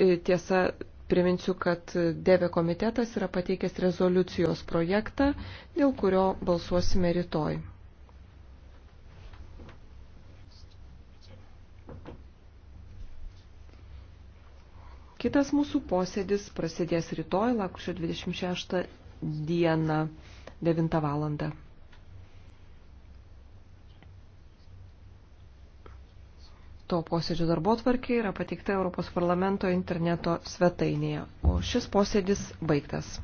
E, tiesa, priminsiu, kad Deve komitetas yra pateikęs rezoliucijos projektą, dėl kurio balsuosime rytoj. Kitas mūsų posėdis prasidės rytoj, lakušio 26 dieną, 9 valandą. to posėdžio darbo tvarkė yra pateikta Europos parlamento interneto svetainėje, o šis posėdis baigtas.